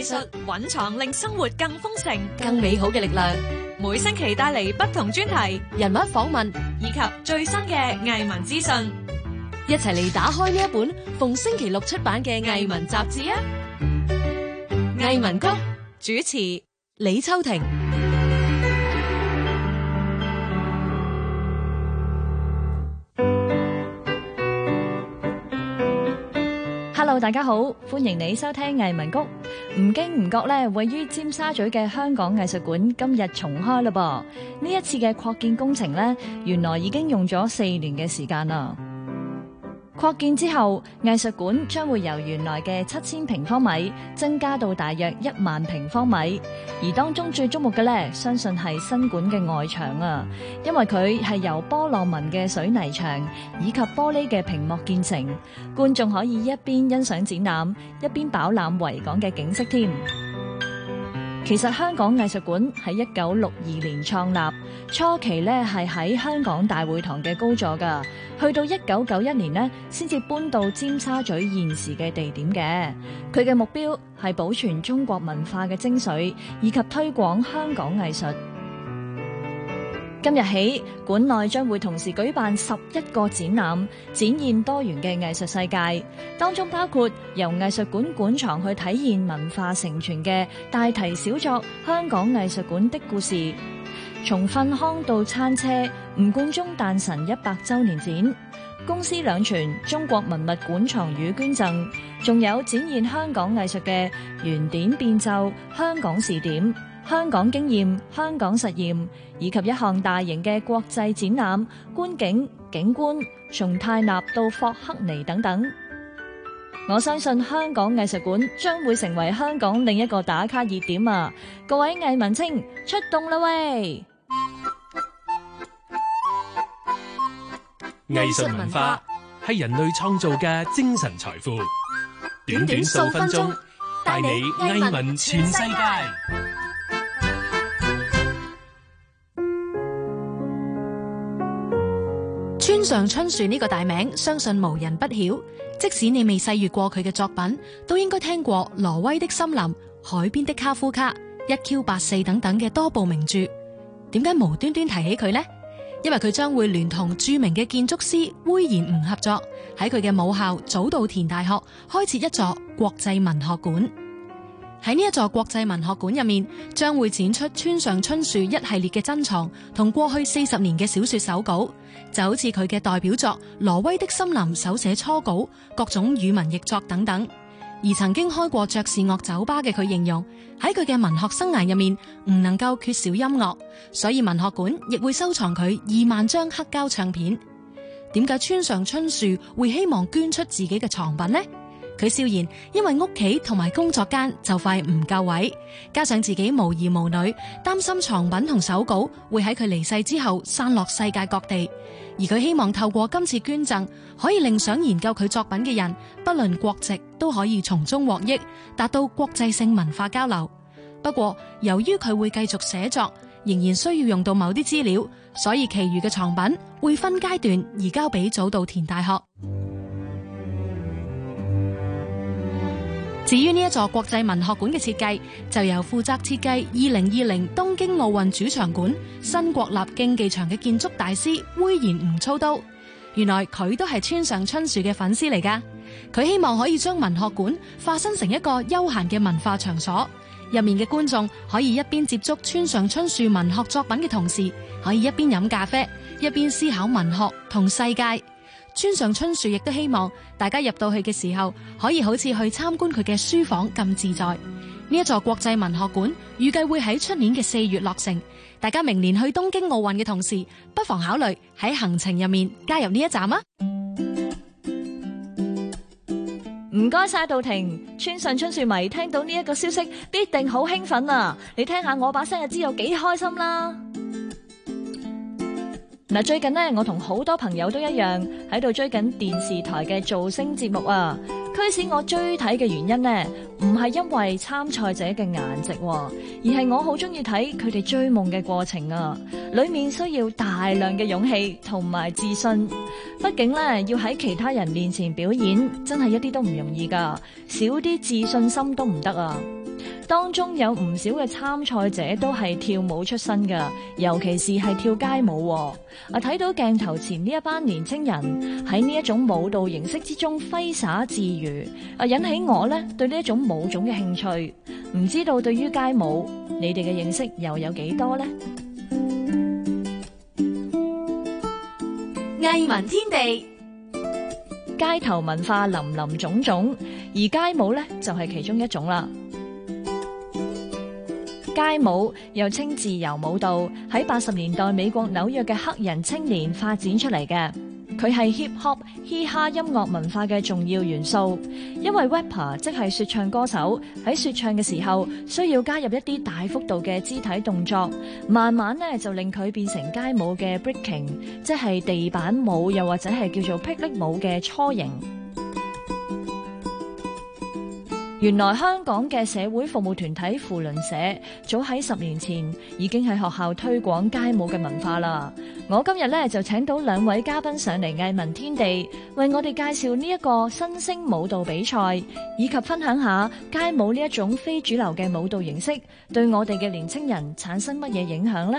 藝術蘊藏令生活更豐盛、更美好嘅力量，每星期帶嚟不同專題、人物訪問以及最新嘅藝文資訊，一齊嚟打開呢一本逢星期六出版嘅藝文雜誌啊！藝文谷主持李秋婷。大家好，歡迎你收聽藝文谷。唔經唔覺咧，位於尖沙咀嘅香港藝術館今日重開嘞噃。呢一次嘅擴建工程咧，原來已經用咗四年嘅時間啦。擴建之後，藝術館將會由原來嘅七千平方米增加到大約一萬平方米，而當中最矚目嘅咧，相信係新館嘅外牆啊，因為佢係由波浪紋嘅水泥牆以及玻璃嘅屏幕建成，觀眾可以一邊欣賞展覽，一邊飽覽維港嘅景色添。其實香港藝術館喺一九六二年創立，初期咧係喺香港大會堂嘅高座噶去到一九九一年咧先至搬到尖沙咀現時嘅地點嘅。佢嘅目標係保存中國文化嘅精髓，以及推廣香港藝術。今日起，館內將會同時舉辦十一個展覽，展現多元嘅藝術世界。當中包括由藝術館館藏去體現文化承傳嘅大題小作《香港藝術館的故事》，從糞坑到餐車吳冠中誕辰一百周年展，公私兩全中國文物館藏與捐贈，仲有展現香港藝術嘅原典變奏《香港視點》。香港經驗、香港實驗，以及一項大型嘅國際展覽，觀景景觀，從泰納到霍克尼等等。我相信香港藝術館將會成為香港另一個打卡熱點啊！各位藝文青出動啦喂！藝術文化係人類創造嘅精神財富，短短數分鐘帶你藝文全世界。村上春樹呢個大名，相信無人不曉。即使你未細閱過佢嘅作品，都應該聽過《挪威的森林》、《海邊的卡夫卡》《一 Q 八四》等等嘅多部名著。點解無端端提起佢呢？因為佢將會聯同著名嘅建築師隈研吾合作，喺佢嘅母校早稻田大學開設一座國際文學館。喺呢一座國際文學館入面，將會展出村上春樹一系列嘅珍藏同過去四十年嘅小説手稿，就好似佢嘅代表作《挪威的森林》手寫初稿、各種語文譯作等等。而曾經開過爵士樂酒吧嘅佢形容，喺佢嘅文學生涯入面唔能夠缺少音樂，所以文學館亦會收藏佢二萬張黑膠唱片。點解村上春樹會希望捐出自己嘅藏品呢？佢笑言，因為屋企同埋工作間就快唔夠位，加上自己無兒無女，擔心藏品同手稿會喺佢離世之後散落世界各地。而佢希望透過今次捐贈，可以令想研究佢作品嘅人，不論國籍，都可以從中獲益，達到國際性文化交流。不過，由於佢會繼續寫作，仍然需要用到某啲資料，所以其餘嘅藏品會分階段移交俾早稻田大學。至於呢一座國際文學館嘅設計，就由負責設計2020東京奧運主場館新國立競技場嘅建築大師隈研吾操刀。原來佢都係村上春樹嘅粉絲嚟㗎。佢希望可以將文學館化身成一個悠閒嘅文化場所，入面嘅觀眾可以一邊接觸村上春樹文學作品嘅同時，可以一邊飲咖啡，一邊思考文學同世界。村上春樹亦都希望大家入到去嘅時候，可以好似去參觀佢嘅書房咁自在。呢一座國際文學館預計會喺出年嘅四月落成。大家明年去東京奧運嘅同時，不妨考慮喺行程入面加入呢一站啊！唔該晒杜婷，村上春樹迷聽到呢一個消息必定好興奮啊！你聽下我把聲日之後幾開心啦～嗱，最近咧，我同好多朋友都一樣喺度追緊電視台嘅造星節目啊。驅使我追睇嘅原因呢，唔係因為參賽者嘅顏值，而係我好中意睇佢哋追夢嘅過程啊。裏面需要大量嘅勇氣同埋自信，畢竟咧要喺其他人面前表演，真係一啲都唔容易噶，少啲自信心都唔得啊。當中有唔少嘅參賽者都係跳舞出身噶，尤其是係跳街舞。啊，睇到鏡頭前呢一班年輕人喺呢一種舞蹈形式之中揮灑自如，啊，引起我呢對呢一種舞種嘅興趣。唔知道對於街舞你哋嘅認識又有幾多呢？藝文天地街頭文化林林總總，而街舞呢，就係其中一種啦。街舞又稱自由舞蹈，喺八十年代美國紐約嘅黑人青年發展出嚟嘅。佢係 hip hop 嘻哈音樂文化嘅重要元素。因為 rapper 即係說唱歌手喺說唱嘅時候需要加入一啲大幅度嘅肢體動作，慢慢呢就令佢變成街舞嘅 breaking，即係地板舞，又或者係叫做霹靂舞嘅雛形。原來香港嘅社會服務團體扶輪社早喺十年前已經喺學校推廣街舞嘅文化啦。我今日咧就請到兩位嘉賓上嚟藝文天地，為我哋介紹呢一個新星舞蹈比賽，以及分享下街舞呢一種非主流嘅舞蹈形式對我哋嘅年青人產生乜嘢影響呢？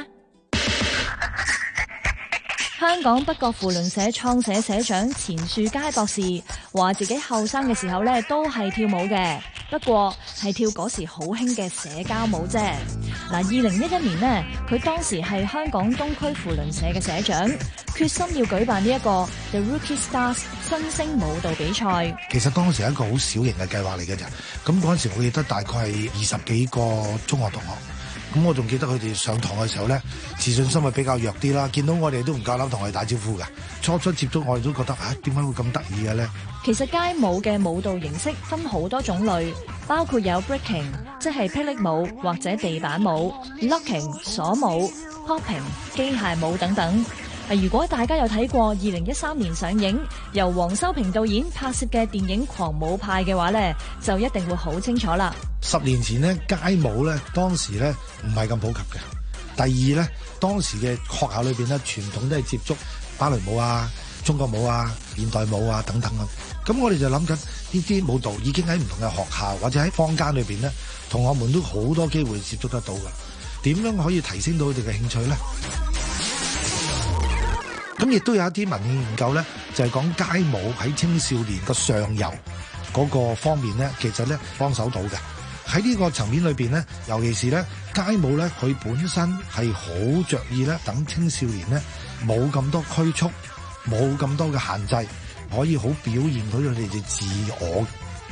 香港北角扶輪社創社社長錢樹楷博士話：自己後生嘅時候咧都係跳舞嘅，不過係跳嗰時好興嘅社交舞啫。嗱，二零一一年呢，佢當時係香港東區扶輪社嘅社長，決心要舉辦呢一個 The Rookie Stars 新星舞蹈比賽。其實當時係一個好小型嘅計劃嚟嘅咋，咁嗰陣時候我記得大概係二十幾個中學同學。咁我仲記得佢哋上堂嘅時候咧，自信心係比較弱啲啦。見到我哋都唔夠膽同我哋打招呼嘅。初初接觸我哋都覺得，啊點解會咁得意嘅咧？其實街舞嘅舞蹈形式分好多種類，包括有 breaking，即係霹靂舞或者地板舞、locking 鎖舞、popping 機械舞等等。如果大家有睇過二零一三年上映由黃修平導演拍攝嘅電影《狂舞派》嘅話咧，就一定會好清楚啦。十年前呢，街舞咧，當時咧唔係咁普及嘅。第二咧，當時嘅學校裏邊咧，傳統都係接觸芭蕾舞啊、中國舞啊、現代舞啊等等啊。咁我哋就諗緊呢啲舞蹈已經喺唔同嘅學校或者喺坊間裏邊咧，同學們都好多機會接觸得到嘅。點樣可以提升到佢哋嘅興趣咧？咁亦都有一啲文獻研究咧，就係講街舞喺青少年嘅上游嗰個方面咧，其實咧幫手到嘅。喺呢個層面裏邊咧，尤其是咧街舞咧，佢本身係好著意咧等青少年咧冇咁多拘束，冇咁多嘅限制，可以好表現到佢哋嘅自我。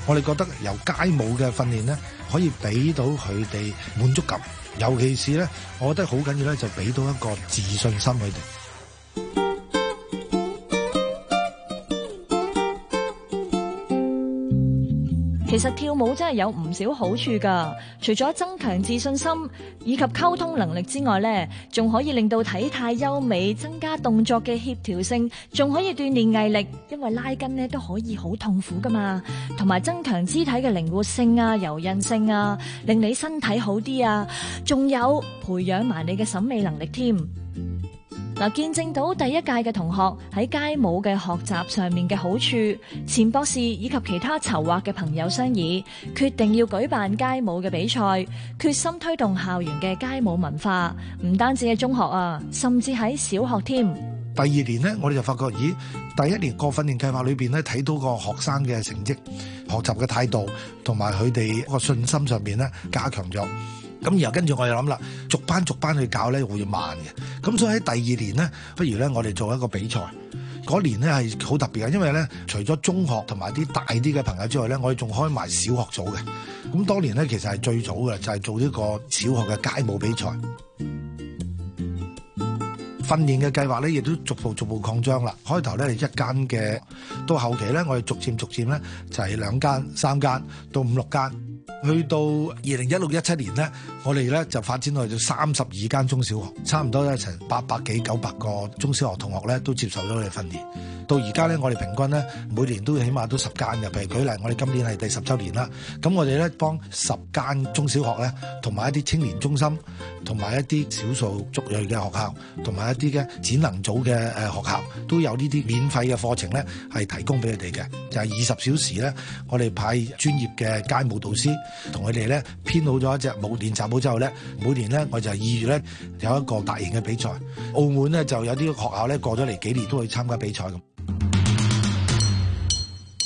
我哋覺得由街舞嘅訓練咧，可以俾到佢哋滿足感，尤其是咧，我覺得好緊要咧，就俾到一個自信心佢哋。其實跳舞真係有唔少好處噶除咗增強自信心以及溝通能力之外咧，仲可以令到體態優美，增加動作嘅協調性，仲可以鍛煉毅力，因為拉筋咧都可以好痛苦噶嘛，同埋增強肢體嘅靈活性啊、柔韌性啊，令你身體好啲啊，仲有培養埋你嘅審美能力添。嗱，見證到第一屆嘅同學喺街舞嘅學習上面嘅好處，錢博士以及其他籌劃嘅朋友商議，決定要舉辦街舞嘅比賽，決心推動校園嘅街舞文化，唔單止係中學啊，甚至喺小學添。第二年呢，我哋就發覺，咦，第一年個訓練計劃裏邊咧，睇到個學生嘅成績、學習嘅態度同埋佢哋個信心上面咧，加強咗。咁然後跟住我又諗啦，逐班逐班去搞咧，會慢嘅，咁所以喺第二年咧，不如咧我哋做一個比賽。嗰年咧係好特別嘅，因為咧除咗中學同埋啲大啲嘅朋友之外咧，我哋仲開埋小學組嘅。咁當年咧其實係最早嘅，就係做呢個小學嘅街舞比賽。訓練嘅計劃咧亦都逐步逐步擴張啦。開頭咧係一間嘅，到後期咧我哋逐漸逐漸咧就係兩間、三間到五六間。去到二零一六一七年呢，我哋呢就發展到咗三十二間中小學，差唔多一成八百幾九百個中小學同學呢都接受咗佢哋訓練。到而家咧，我哋平均咧每年都起碼都十間。入譬如舉例，我哋今年係第十週年啦。咁我哋咧幫十間中小學咧，同埋一啲青年中心，同埋一啲少數族裔嘅學校，同埋一啲嘅展能組嘅誒學校，都有呢啲免費嘅課程咧，係提供俾佢哋嘅。就係二十小時咧，我哋派專業嘅街舞導師同佢哋咧編好咗一隻舞，練習好之後咧，每年咧我就係二月咧有一個大型嘅比賽。澳門咧就有啲學校咧過咗嚟幾年都會參加比賽咁。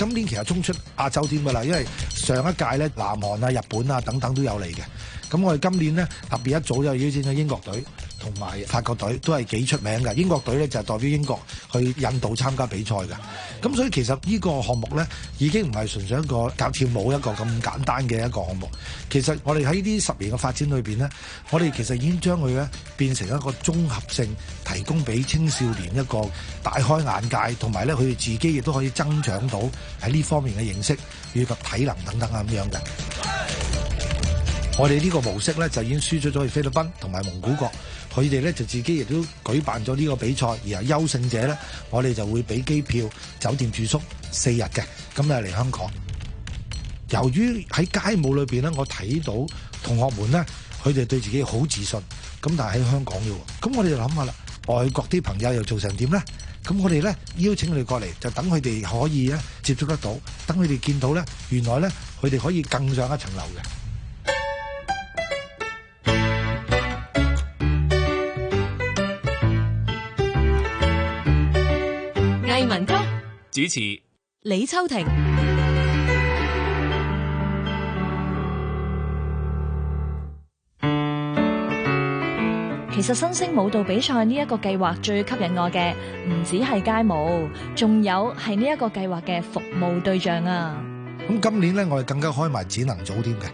今年其實衝出亞洲添㗎啦，因為上一屆咧，南韓啊、日本啊等等都有嚟嘅。咁我哋今年咧，特別一早就邀請咗英國隊。同埋法國隊都係幾出名嘅，英國隊咧就代表英國去印度參加比賽嘅。咁所以其實呢個項目呢，已經唔係純粹一個教跳舞一個咁簡單嘅一個項目。其實我哋喺呢啲十年嘅發展裏面呢，我哋其實已經將佢呢變成一個綜合性提供俾青少年一個大開眼界，同埋呢，佢哋自己亦都可以增長到喺呢方面嘅認識以及體能等等咁樣嘅。我哋呢個模式呢，就已經輸出咗去菲律賓同埋蒙古國。佢哋咧就自己亦都舉辦咗呢個比賽，而後優勝者咧，我哋就會俾機票、酒店住宿四日嘅，咁啊嚟香港。由於喺街舞裏邊咧，我睇到同學們咧，佢哋對自己好自信，咁但係喺香港嘅喎，咁我哋就諗下啦，外國啲朋友又做成點咧？咁我哋咧邀請佢哋過嚟，就等佢哋可以咧接觸得到，等佢哋見到咧，原來咧佢哋可以更上一層樓嘅。主持李秋婷，其實新星舞蹈比賽呢一個計劃最吸引我嘅，唔止係街舞，仲有係呢一個計劃嘅服務對象啊。咁今年咧，我哋更加開埋展能組添嘅。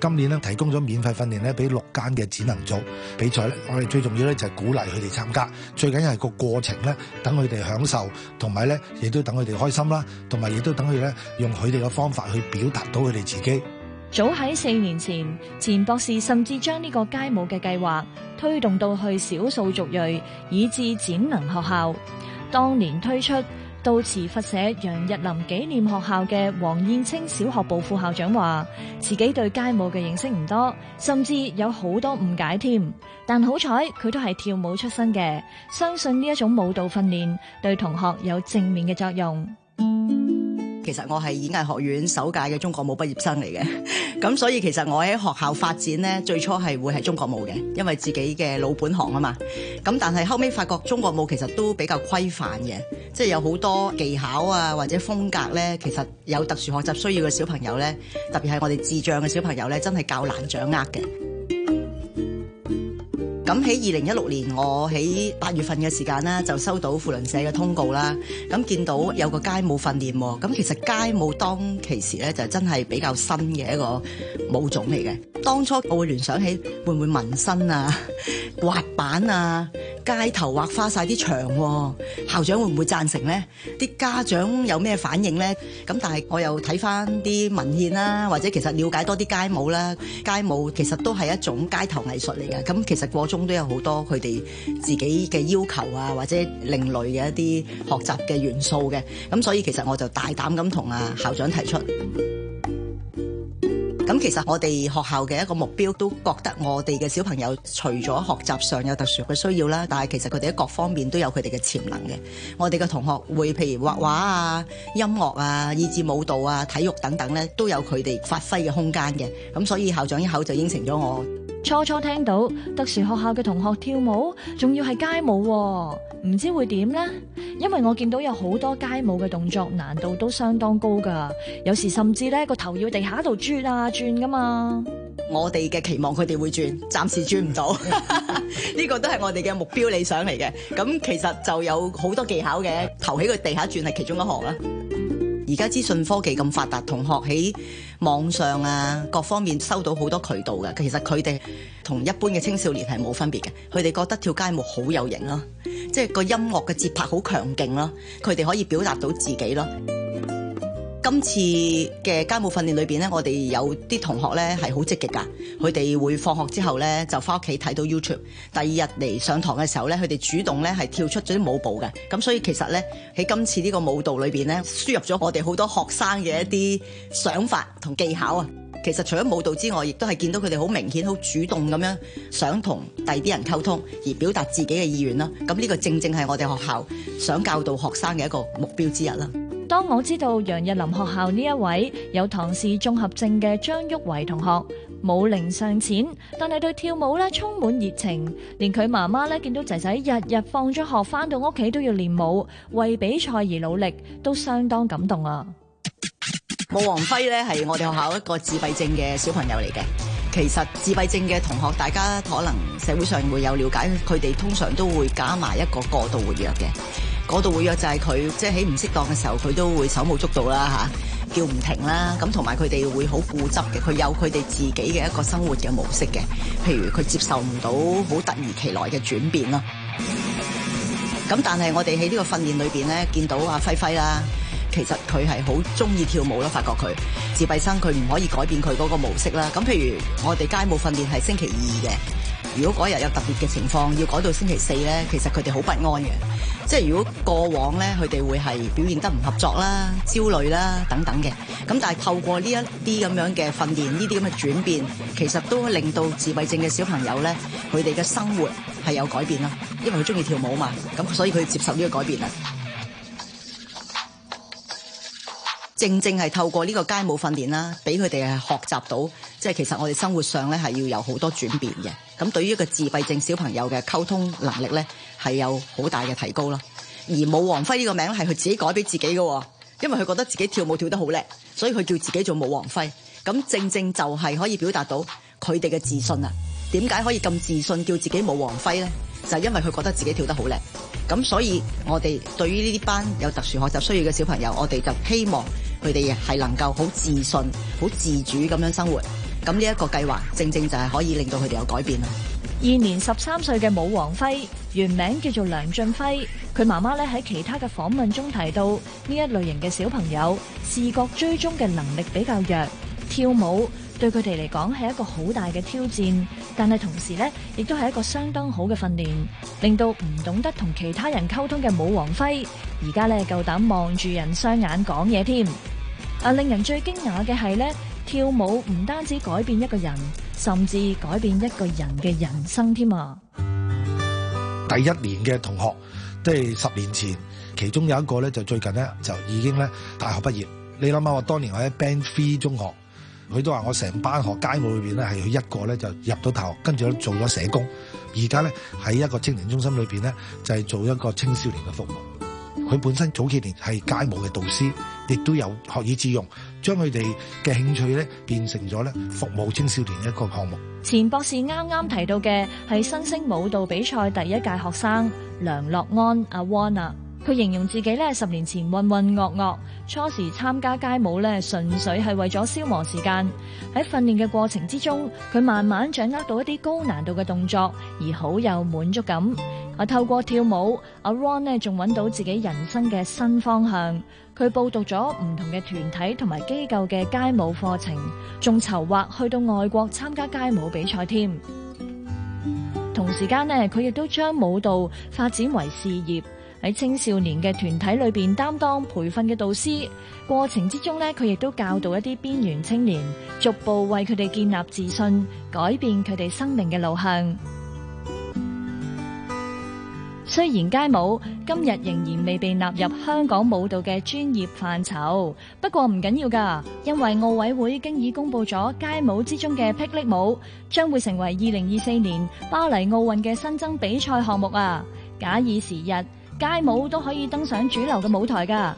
今年咧，提供咗免費訓練咧俾六間嘅展能組比賽咧，我哋最重要咧就係鼓勵佢哋參加，最緊係個過程咧，等佢哋享受，同埋咧，亦都等佢哋開心啦，同埋亦都等佢哋咧用佢哋嘅方法去表達到佢哋自己。早喺四年前，錢博士甚至將呢個街舞嘅計劃推動到去少數族裔以至展能學校。當年推出。到慈佛社楊日霖紀念學校嘅王燕青小學部副校長話，自己對街舞嘅認識唔多，甚至有好多誤解添。但好彩佢都係跳舞出身嘅，相信呢一種舞蹈訓練對同學有正面嘅作用。其實我係演藝學院首屆嘅中國舞畢業生嚟嘅，咁所以其實我喺學校發展咧，最初係會係中國舞嘅，因為自己嘅老本行啊嘛。咁但係後尾發覺中國舞其實都比較規範嘅，即係有好多技巧啊或者風格咧，其實有特殊學習需要嘅小朋友咧，特別係我哋智障嘅小朋友咧，真係較難掌握嘅。咁喺二零一六年，我喺八月份嘅時間咧，就收到扶輪社嘅通告啦。咁見到有個街舞訓練喎，咁其實街舞當其時咧，就真係比較新嘅一個舞種嚟嘅。當初我會聯想起會唔會紋身啊、滑板啊、街頭畫花晒啲牆，校長會唔會贊成呢？啲家長有咩反應呢？咁但係我又睇翻啲文獻啦，或者其實了解多啲街舞啦，街舞其實都係一種街頭藝術嚟嘅。咁其實過中都有好多佢哋自己嘅要求啊，或者另類嘅一啲學習嘅元素嘅。咁所以其實我就大膽咁同啊校長提出。咁其實我哋學校嘅一個目標都覺得我哋嘅小朋友除咗學習上有特殊嘅需要啦，但係其實佢哋喺各方面都有佢哋嘅潛能嘅。我哋嘅同學會譬如畫畫啊、音樂啊、以至舞蹈啊、體育等等咧，都有佢哋發揮嘅空間嘅。咁所以校長一口就應承咗我。初初聽到，特殊學校嘅同學跳舞，仲要係街舞、哦，唔知會點呢？因為我見到有好多街舞嘅動作難度都相當高噶，有時甚至咧個頭要地下度轉啊轉噶嘛。我哋嘅期望佢哋會轉，暫時轉唔到，呢 個都係我哋嘅目標理想嚟嘅。咁其實就有好多技巧嘅，頭喺個地下轉係其中一行啦。而家資訊科技咁發達，同學喺網上啊各方面收到好多渠道嘅，其實佢哋同一般嘅青少年係冇分別嘅，佢哋覺得跳街舞好有型咯，即係個音樂嘅節拍好強勁咯，佢哋可以表達到自己咯。今次嘅街舞訓練裏邊咧，我哋有啲同學咧係好積極噶，佢哋會放學之後咧就翻屋企睇到 YouTube，第二日嚟上堂嘅時候咧，佢哋主動咧係跳出咗啲舞步嘅，咁所以其實咧喺今次呢個舞蹈裏邊咧，輸入咗我哋好多學生嘅一啲想法同技巧啊，其實除咗舞蹈之外，亦都係見到佢哋好明顯好主動咁樣想同第二啲人溝通而表達自己嘅意願啦，咁呢個正正係我哋學校想教導學生嘅一個目標之一啦。當我知道楊日霖學校呢一位有唐氏綜合症嘅張旭維同學，舞齡尚淺，但係對跳舞咧充滿熱情，連佢媽媽咧見到仔仔日日放咗學翻到屋企都要練舞為比賽而努力，都相當感動啊！武王輝咧係我哋學校一個自閉症嘅小朋友嚟嘅。其實自閉症嘅同學，大家可能社會上會有了解，佢哋通常都會加埋一個過度活躍嘅。我度會約就係佢，即係喺唔適當嘅時候，佢都會手舞足蹈啦嚇，叫唔停啦。咁同埋佢哋會好固執嘅，佢有佢哋自己嘅一個生活嘅模式嘅。譬如佢接受唔到好突然其來嘅轉變咯。咁但係我哋喺呢個訓練裏邊咧，見到阿輝輝啦，其實佢係好中意跳舞咯。發覺佢自閉生，佢唔可以改變佢嗰個模式啦。咁譬如我哋街舞訓練係星期二嘅。如果嗰日有特別嘅情況，要改到星期四呢，其實佢哋好不安嘅，即係如果過往呢，佢哋會係表現得唔合作啦、焦慮啦等等嘅。咁但係透過呢一啲咁樣嘅訓練，呢啲咁嘅轉變，其實都令到自閉症嘅小朋友呢，佢哋嘅生活係有改變啦，因為佢中意跳舞嘛，咁所以佢接受呢個改變啦。正正係透過呢個街舞訓練啦，俾佢哋係學習到，即係其實我哋生活上咧係要有好多轉變嘅。咁對於一個自閉症小朋友嘅溝通能力咧，係有好大嘅提高囉。而舞王輝呢個名係佢自己改俾自己嘅，因為佢覺得自己跳舞跳得好叻，所以佢叫自己做舞王輝。咁正正就係可以表達到佢哋嘅自信啊！點解可以咁自信叫自己舞王輝呢？就係因為佢覺得自己跳得好叻，咁所以我哋對於呢啲班有特殊學習需要嘅小朋友，我哋就希望佢哋係能夠好自信、好自主咁樣生活。咁呢一個計劃正正就係可以令到佢哋有改變啦。現年十三歲嘅舞王輝原名叫做梁俊輝，佢媽媽咧喺其他嘅訪問中提到，呢一類型嘅小朋友視覺追蹤嘅能力比較弱，跳舞對佢哋嚟講，係一個好大嘅挑戰。但係同時咧，亦都係一個相當好嘅訓練，令到唔懂得同其他人溝通嘅武王輝，而家咧夠膽望住人雙眼講嘢添。啊！令人最驚訝嘅係咧，跳舞唔單止改變一個人，甚至改變一個人嘅人生添啊！第一年嘅同學，即係十年前，其中有一個咧就最近咧就已經咧大學畢業。你諗下，我當年我喺 Band Three 中學。佢都話：我成班學街舞裏面咧，係佢一個咧就入到大學，跟住做咗社工。而家咧喺一個青年中心裏面咧，就係、是、做一個青少年嘅服務。佢本身早幾年係街舞嘅導師，亦都有學以致用，將佢哋嘅興趣咧變成咗咧服務青少年一個項目。錢博士啱啱提到嘅係新星舞蹈比賽第一屆學生梁樂安阿 Wanna。佢形容自己咧，十年前渾渾噩噩，初時參加街舞咧，純粹係為咗消磨時間。喺訓練嘅過程之中，佢慢慢掌握到一啲高難度嘅動作，而好有滿足感。啊，透過跳舞，阿 Ron 仲搵到自己人生嘅新方向。佢報讀咗唔同嘅團體同埋機構嘅街舞課程，仲籌劃去到外國參加街舞比賽添。同時間咧，佢亦都將舞蹈發展為事業。喺青少年嘅團體裏邊擔當培訓嘅導師，過程之中呢，佢亦都教導一啲邊緣青年，逐步為佢哋建立自信，改變佢哋生命嘅路向。 雖然街舞今日仍然未被納入香港舞蹈嘅專業範疇，不過唔緊要噶，因為奧委會經已公布咗街舞之中嘅霹靂舞將會成為二零二四年巴黎奧運嘅新增比賽項目啊。假以時日。街舞都可以登上主流嘅舞台㗎。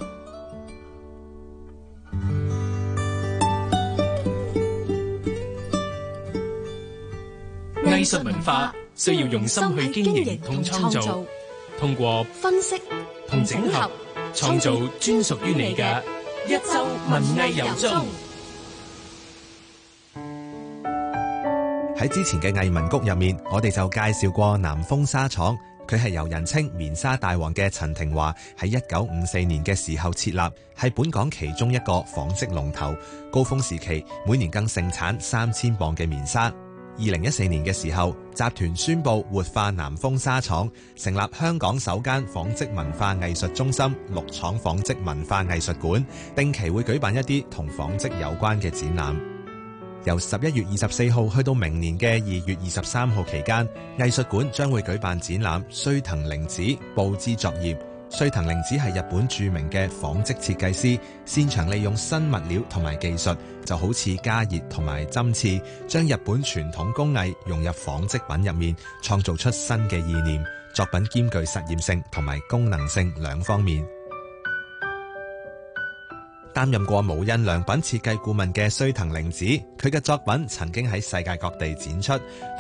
藝術文化需要用心去經營同創造，通過分析同整合，創造專屬於你嘅一周文藝遊蹤。喺之前嘅藝文谷入面，我哋就介紹過南豐紗廠。佢係由人稱棉紗大王嘅陳廷華喺一九五四年嘅時候設立，係本港其中一個紡織龍頭。高峰時期每年更盛產三千磅嘅棉紗。二零一四年嘅時候，集團宣布活化南豐紗廠，成立香港首間紡織文化藝術中心——六廠紡織文化藝術館，定期會舉辦一啲同紡織有關嘅展覽。由十一月二十四號去到明年嘅二月二十三號期間，藝術館將會舉辦展覽。須藤玲子布置作業。須藤玲子係日本著名嘅紡織設計師，擅長利用新物料同埋技術，就好似加熱同埋針刺，將日本傳統工藝融入紡織品入面，創造出新嘅意念。作品兼具實驗性同埋功能性兩方面。擔任過無印良品設計顧問嘅須藤玲子，佢嘅作品曾經喺世界各地展出，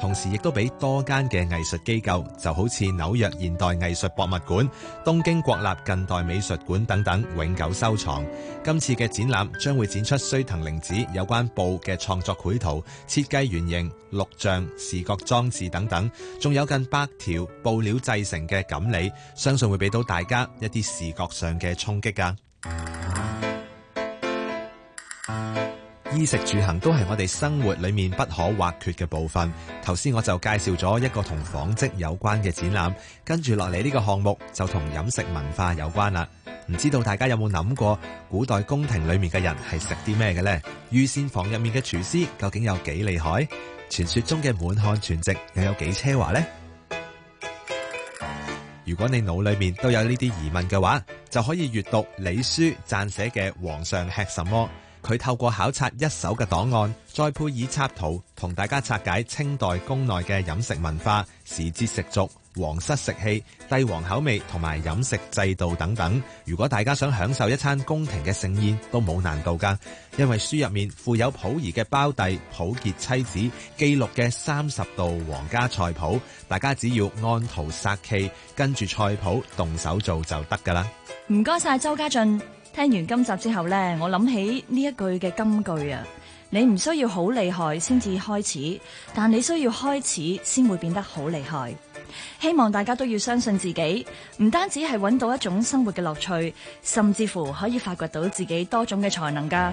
同時亦都俾多間嘅藝術機構，就好似紐約現代藝術博物館、東京國立近代美術館等等永久收藏。今次嘅展覽將會展出須藤玲子有關布嘅創作繪圖設計圓形、設計原型、錄像、視覺裝置等等，仲有近百條布料製成嘅錦鯉，相信會俾到大家一啲視覺上嘅衝擊噶。衣食住行都係我哋生活裏面不可或缺嘅部分。頭先我就介紹咗一個同紡織有關嘅展覽，跟住落嚟呢個項目就同飲食文化有關啦。唔知道大家有冇諗過，古代宮廷裏面嘅人係食啲咩嘅呢？御膳房入面嘅廚師究竟有幾厲害？傳說中嘅滿漢全席又有幾奢華呢？如果你腦裏面都有呢啲疑問嘅話，就可以閱讀李書撰寫嘅《皇上吃什麼》。佢透過考察一手嘅檔案，再配以插圖，同大家拆解清代宮內嘅飲食文化、時節食俗、皇室食器、帝王口味同埋飲食制度等等。如果大家想享受一餐宮廷嘅盛宴，都冇難度噶，因為書入面附有溥儀嘅胞弟溥傑妻子記錄嘅三十道皇家菜譜，大家只要按圖索驥，跟住菜譜動手做就得噶啦。唔該曬周家俊。聽完今集之後咧，我諗起呢一句嘅金句啊，你唔需要好厲害先至開始，但你需要開始先會變得好厲害。希望大家都要相信自己，唔單止係揾到一種生活嘅樂趣，甚至乎可以發掘到自己多種嘅才能噶。